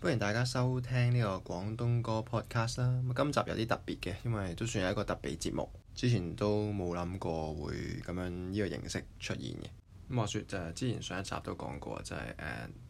歡迎大家收聽呢個廣東歌 Podcast 啦。咁今集有啲特別嘅，因為都算係一個特別節目。之前都冇諗過會咁樣呢、這個形式出現嘅。咁話說就係之前上一集都講過，就係誒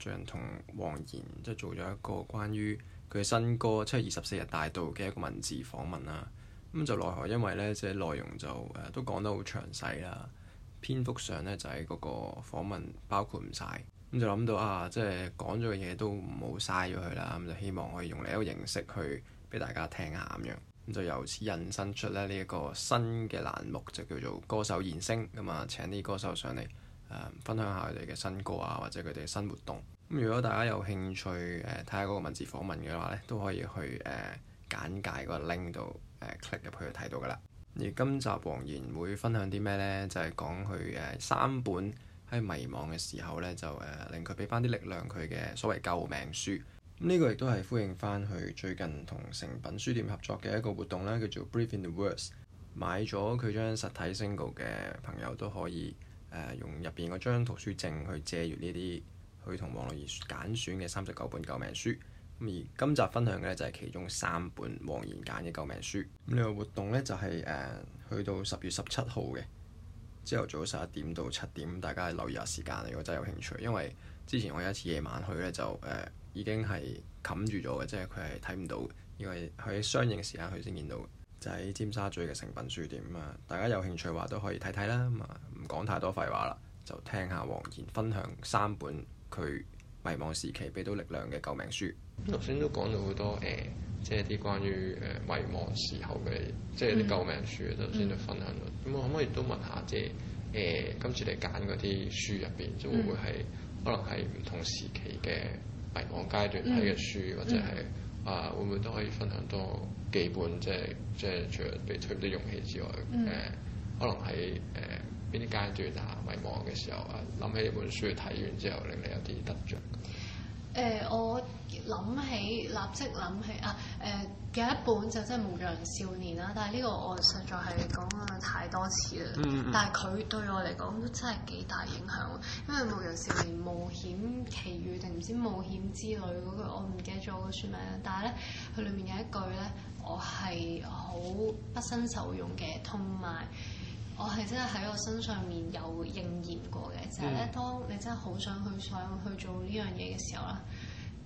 最同黃妍即係做咗一個關於佢新歌《七月二十四日大道》嘅一個文字訪問啦。咁、啊、就奈何因為咧，即係內容就誒、呃、都講得好詳細啦，篇幅上咧就喺、是、嗰個訪問包括唔晒。咁就諗到啊，即係講咗嘅嘢都唔好嘥咗佢啦，咁就希望可以用另一個形式去俾大家聽下咁樣。咁就由此引申出咧呢一個新嘅欄目，就叫做歌手現聲，咁啊請啲歌手上嚟、嗯、分享下佢哋嘅新歌啊，或者佢哋嘅新活動。咁如果大家有興趣誒睇下嗰個文字訪問嘅話呢，都可以去誒、呃、簡介個 link 度誒 click 入去睇到噶啦。而今集黃妍會分享啲咩呢？就係、是、講佢誒、呃、三本。喺迷茫嘅時候呢就誒、呃、令佢俾翻啲力量佢嘅所謂救命書。呢個亦都係呼應翻佢最近同誠品書店合作嘅一個活動咧，叫做 Breathe in the Words。買咗佢張實體 single 嘅朋友都可以、呃、用入邊嗰張圖書證去借閲呢啲，佢同黃妍揀選嘅三十九本救命書。咁而今集分享嘅呢，就係其中三本黃妍揀嘅救命書。咁呢個活動呢，就係、是、誒、呃、去到十月十七號嘅。朝頭早十一點到七點，大家留意下時間。如果真係有興趣，因為之前我有一次夜晚去呢，就誒、呃、已經係冚住咗嘅，即係佢係睇唔到，要係喺相應時間佢先見到。就喺、是、尖沙咀嘅誠品書店啊！大家有興趣話都可以睇睇啦。啊，唔講太多廢話啦，就聽下黃妍分享三本佢迷茫時期俾到力量嘅救命書。頭先都講到好多、呃即係啲關於誒迷茫時候嘅，即係啲救命書就頭先都分享咗。咁、嗯、我可唔可以都問下，即係誒今次你揀嗰啲書入邊，就會唔會係、嗯、可能係唔同時期嘅迷茫階段睇嘅書，嗯、或者係啊會唔會都可以分享多幾本？即係即係除咗被推唔到勇氣之外，誒、嗯呃、可能係誒邊啲階段啊，迷茫嘅時候啊，諗起一本書睇完之後，令你有啲得着。誒、呃，我諗起立即諗起啊！誒、呃、嘅一本就真、是、係《牧羊少年》啦，但係呢個我實在係講啊太多次啦。嗯嗯嗯。但係佢對我嚟講都真係幾大影響，因為《牧羊少年冒險奇遇》定唔知冒險之旅嗰個，我唔記得咗個書名啦。但係咧，佢裡面有一句咧，我係好不生受用嘅，同埋。我係真係喺我身上面有應驗過嘅，就係、是、咧，當你真係好想去想去做呢樣嘢嘅時候啦，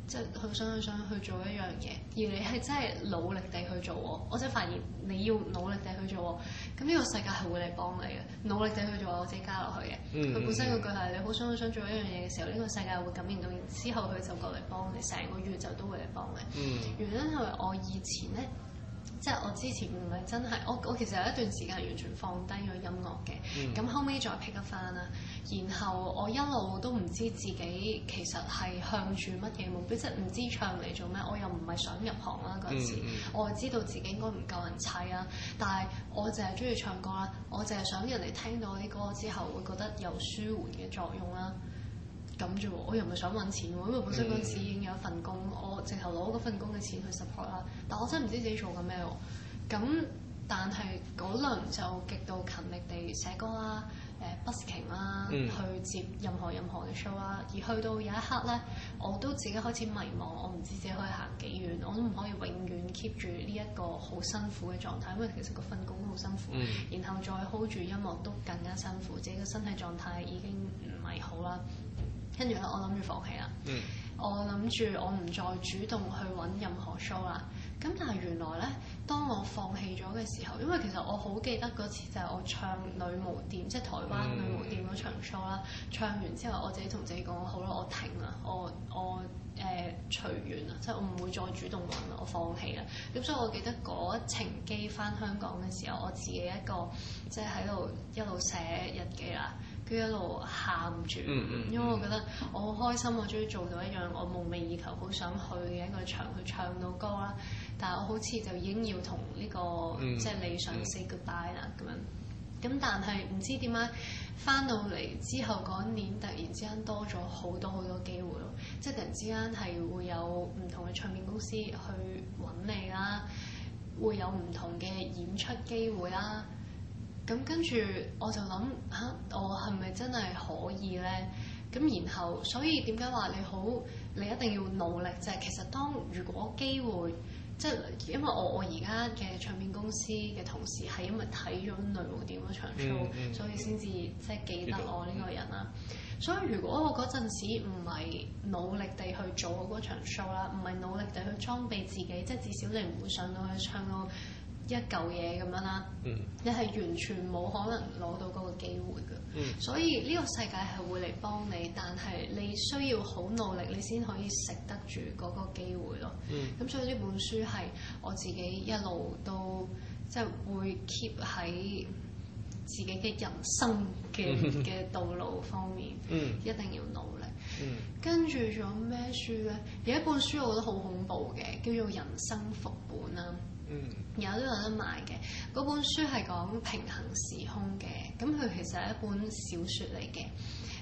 即係好想好想去做一樣嘢，而你係真係努力地去做喎，我就發現你要努力地去做喎，咁呢個世界係會嚟幫你嘅，努力地去做，我自己加落去嘅。佢、嗯、本身嗰句係、嗯、你好想好想做一樣嘢嘅時候，呢、呢個世界會感應到，之後佢就過嚟幫你，成個月就都會嚟幫你。原因係我以前咧。即係我之前唔係真係我我其實有一段時間係完全放低咗音樂嘅，咁、嗯、後尾再 pick 翻啦。然後我一路都唔知自己其實係向住乜嘢目標，即係唔知唱嚟做咩。我又唔係想入行啦嗰陣時，嗯嗯、我知道自己應該唔夠人砌啊。但係我淨係中意唱歌啦，我淨係想人哋聽到啲歌之後會覺得有舒緩嘅作用啦。咁啫喎，我又唔係想揾錢喎，因為本身嗰時已經有一份工，嗯、我直頭攞嗰份工嘅錢去 support 啦。但我真係唔知自己做緊咩喎。咁但係嗰輪就極度勤力地寫歌啦、誒 busking 啦，asking, 啊嗯、去接任何任何嘅 show 啦。而去到有一刻咧，我都自己開始迷茫，我唔知自己可以行幾遠，我都唔可以永遠 keep 住呢一個好辛苦嘅狀態，因為其實個份工好辛苦，嗯、然後再 hold 住音樂都更加辛苦，自己嘅身體狀態已經唔係好啦。跟住咧，我諗住放棄啦。嗯、我諗住我唔再主動去揾任何 show 啦。咁但係原來咧，當我放棄咗嘅時候，因為其實我好記得嗰次就係我唱女巫店，即係、就是、台灣女巫店嗰場 show 啦、嗯。唱完之後，我自己同自己講：好啦，我停啦，我我誒隨緣啦，即、呃、係、就是、我唔會再主動揾啦，我放棄啦。咁、嗯、所以我記得嗰程機翻香港嘅時候，我自己一個即係喺度一路寫日記啦。都一路喊住，嗯嗯，因為我覺得我好開心，嗯嗯、我終於做到一樣，我夢寐以求、好想去嘅一個場去唱到歌啦。但係我好似就已經要同呢、呢個，嗯、即係理想 say goodbye 啦咁樣，咁但係唔知點解翻到嚟之後嗰一年，突然之間多咗好多好多機會咯，即係突然之間係會有唔同嘅唱片公司去揾你啦，會有唔同嘅演出機會啦。咁跟住我就諗吓，我係咪真係可以咧？咁然後所以點解話你好？你一定要努力就係、是、其實當如果機會，即、就、係、是、因為我我而家嘅唱片公司嘅同事係因為睇咗《雷夢點》嗰場 show，所以先至即係記得我呢個人啦。嗯、所以如果我嗰陣時唔係努力地去做嗰場 show 啦，唔係努力地去裝備自己，即、就、係、是、至少你唔會上到去唱咯。一嚿嘢咁樣啦，嗯、你係完全冇可能攞到嗰個機會嘅，嗯、所以呢個世界係會嚟幫你，但係你需要好努力，你先可以食得住嗰個機會咯。咁、嗯、所以呢本書係我自己一路都即係、就是、會 keep 喺自己嘅人生嘅嘅、嗯、道路方面，嗯、一定要努力。嗯、跟住仲有咩書咧？有一本書我覺得好恐怖嘅，叫做《人生復本》啦。有、嗯、都有得賣嘅，嗰本書係講平行時空嘅，咁佢其實係一本小説嚟嘅。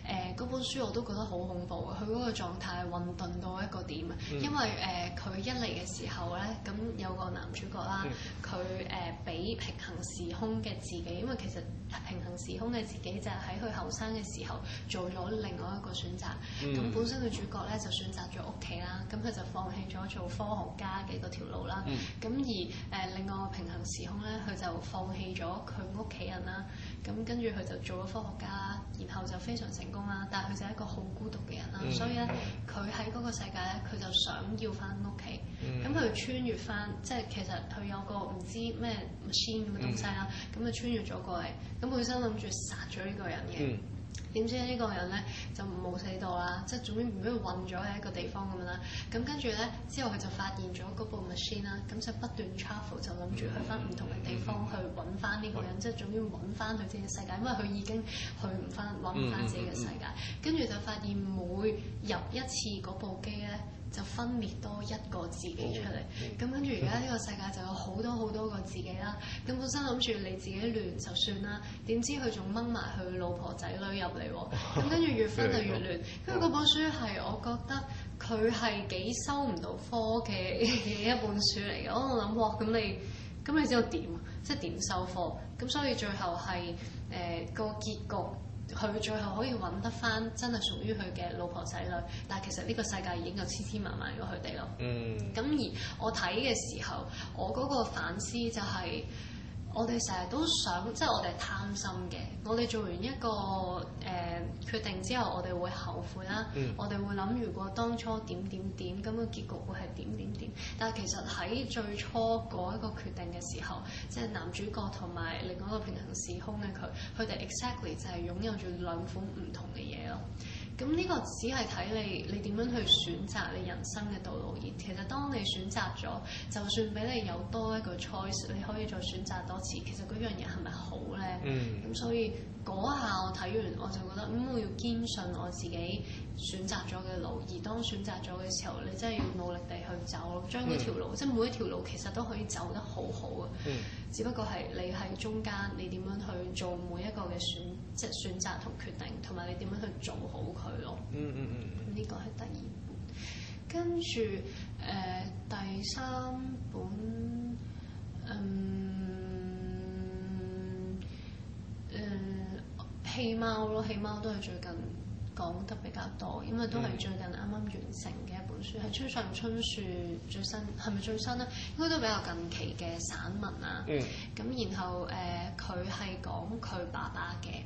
誒、呃，嗰本書我都覺得好恐怖，佢嗰個狀態混沌到一個點啊！嗯、因為誒，佢、呃、一嚟嘅時候咧，咁有個男主角啦，佢誒俾平行時空嘅自己，因為其實平行時空嘅自己就喺佢後生嘅時候做咗另外一個選擇，咁、嗯、本身個主角咧就選擇咗屋企啦，咁佢就放棄咗做科學家嘅嗰條路啦，咁而誒另外個平行時空咧，佢就放棄咗佢屋企人啦。咁跟住佢就做咗科學家，然後就非常成功啦。但係佢就係一個好孤獨嘅人啦，嗯、所以咧，佢喺嗰個世界咧，佢就想要翻屋企。咁佢、嗯、穿越翻，即係其實佢有個唔知咩 machine 咁嘅東西啦。咁啊、嗯、穿越咗過嚟，咁本身諗住殺咗呢個人嘅。嗯點知呢個人咧就冇死到啦，即係總之唔畀佢暈咗喺一個地方咁樣啦。咁跟住咧之後，佢就發現咗嗰部 machine 啦，咁就不斷 travel 就諗住去翻唔同嘅地方去揾翻呢個人，嗯、即係總之揾翻佢自己世界，因為佢已經去唔翻揾唔翻自己嘅世界。嗯嗯嗯嗯、跟住就發現每入一次嗰部機咧，就分裂多一個自己出嚟，咁跟住而家呢個世界就有好多好多個自己啦。咁、嗯、本身諗住你自己亂就算啦，點知佢仲掹埋佢老婆仔女入嚟喎。咁跟住越分就越亂。跟住嗰本書係我覺得佢係幾收唔到科嘅一本書嚟嘅。嗯、我諗喎，咁你咁你知道點啊？即係點收科？咁所以最後係誒、呃嗰個結局。佢最後可以揾得返真係屬於佢嘅老婆仔女，但係其實呢個世界已經有千千萬萬個佢哋咯。嗯，咁而我睇嘅時候，我嗰個反思就係。我哋成日都想，即係我哋係貪心嘅。我哋做完一個誒、呃、決定之後，我哋會後悔啦。嗯、我哋會諗，如果當初點點點，咁、個結局會係點點點。但係其實，喺最初嗰一個決定嘅時候，即係男主角同埋另外一個平行時空嘅佢，佢哋 exactly 就係擁有住兩款唔同嘅嘢咯。咁呢個只係睇你，你點樣去選擇你人生嘅道路，而其實當你選擇咗，就算俾你有多一個 choice，你可以再選擇多次，其實嗰樣嘢係咪好咧？咁、嗯嗯、所以。嗰下我睇完我就覺得咁、嗯、我要堅信我自己選擇咗嘅路，而當選擇咗嘅時候，你真係要努力地去走咯。將嗰條路，嗯、即係每一條路其實都可以走得好好嘅，嗯、只不過係你喺中間你點樣去做每一個嘅選，即係選擇同決定，同埋你點樣去做好佢咯、嗯。嗯嗯嗯。呢個係第二本，跟住誒第三本，嗯。棄貓咯，棄貓都係最近講得比較多，因為都係最近啱啱完成嘅一本書，係、嗯、村上春樹最新，係咪最新咧？應該都比較近期嘅散文啊。咁、嗯、然後誒，佢係講佢爸爸嘅。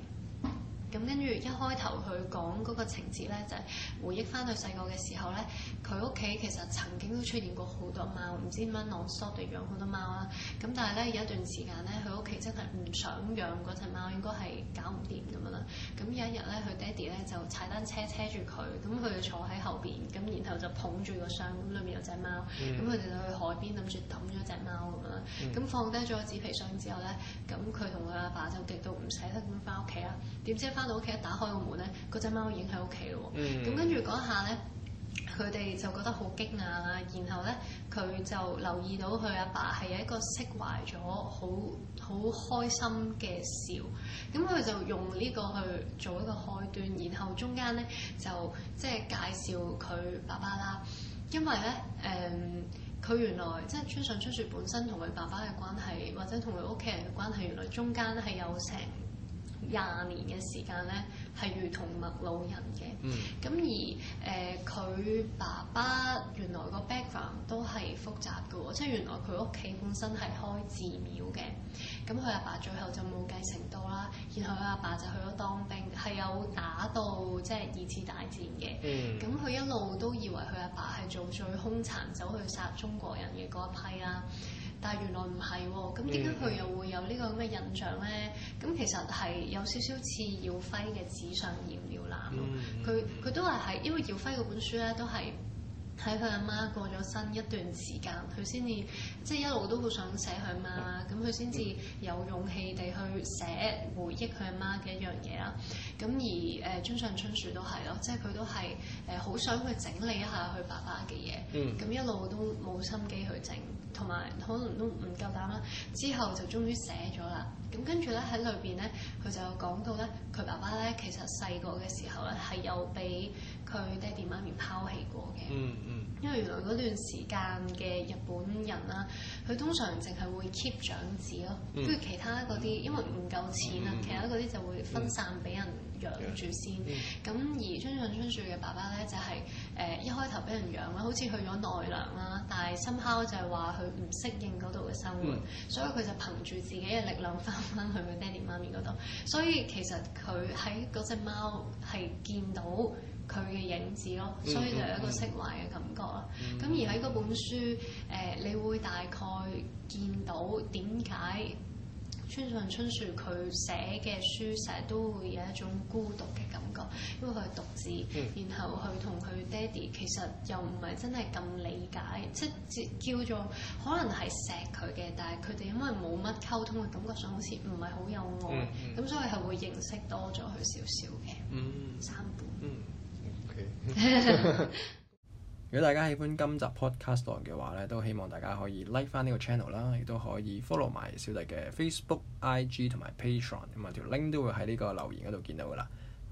咁跟住一開頭佢講個情節咧，就係、是、回憶翻佢細個嘅時候咧，佢屋企其實曾經都出現過好多貓唔知蚊囊叔哋養好多貓啦、啊。咁但係咧有一段時間咧，佢屋企真係唔想養嗰隻貓，應該係搞唔掂咁樣啦。咁有一日咧，佢爹哋咧就踩單車車住佢，咁佢就坐喺後邊，咁然後就捧住個箱，咁裏面有隻貓，咁佢哋就去海邊諗住抌咗隻貓咁樣啦。咁放低咗紙皮箱之後咧，咁佢同佢阿爸就極都唔捨得咁翻屋企啦。點知翻。翻到屋企一打開個門咧，嗰隻貓已經喺屋企咯。咁跟住嗰下咧，佢哋就覺得好驚訝啦。然後咧，佢就留意到佢阿爸係有一個釋懷咗，好好開心嘅笑。咁佢就用呢個去做一個開端，然後中間咧就即係介紹佢爸爸啦。因為咧，誒、嗯、佢原來即係村上春樹本身同佢爸爸嘅關係，或者同佢屋企人嘅關係，原來中間係有成。廿年嘅時間咧，係如同陌路人嘅。咁、嗯、而誒佢、呃、爸爸原來個 background 都係複雜㗎喎，即係原來佢屋企本身係開寺廟嘅。咁佢阿爸最後就冇繼承到啦，然後佢阿爸，爸就去咗當兵，係有打到即係二次大戰嘅。咁佢、嗯、一路都以為佢阿爸係做最兇殘走去殺中國人嘅嗰一批啦。但係原來唔係喎，咁點解佢又會有呢個咁嘅印象咧？咁、嗯、其實係有少少似耀輝嘅、嗯《紙上染了藍》。佢佢都係喺因為耀輝嗰本書咧，都係喺佢阿媽過咗身一段時間，佢先至即係一路都好想寫佢阿媽，咁佢先至有勇氣地去寫回憶佢阿媽嘅一樣嘢啦。咁而誒《村、呃、上春樹都》就是、都係咯，即係佢都係誒好想去整理一下佢爸爸嘅嘢，咁、嗯、一路都冇心機去整。同埋可能都唔夠膽啦，之後就終於寫咗啦。咁跟住咧喺裏邊咧，佢就講到咧，佢爸爸咧其實細個嘅時候咧係有俾佢爹哋媽咪拋棄過嘅、嗯。嗯嗯。因為原來嗰段時間嘅日本人啦，佢通常淨係會 keep 長子咯，跟住、嗯、其他嗰啲因為唔夠錢啊，嗯、其他嗰啲就會分散俾人養住先。咁、嗯嗯嗯、而村上春樹嘅爸爸咧就係、是。誒、呃、一開頭俾人養啦，好似去咗奈良啦，但係 somehow 就係話佢唔適應度嘅生活，mm hmm. 所以佢就憑住自己嘅力量翻返去佢爹哋媽咪度。所以其實佢喺隻貓係見到佢嘅影子咯，所以就有一個釋懷嘅感覺啦。咁、mm hmm. 而喺本書誒、呃、你會大概見到點解村上春樹佢寫嘅書成日都會有一種孤獨嘅感。因為佢係獨自，嗯、然後佢同佢爹哋其實又唔係真係咁理解，即係叫做可能係錫佢嘅，但係佢哋因為冇乜溝通嘅感覺上好似唔係好有愛，咁、嗯嗯、所以係會認識多咗佢少少嘅，三本。如果大家喜歡今集 podcast 嘅話咧，都希望大家可以 like 返呢個 channel 啦，亦都可以 follow 埋小弟嘅 Facebook、IG 同埋 Patreon，咁啊條 link 都會喺呢個留言嗰度見到㗎啦。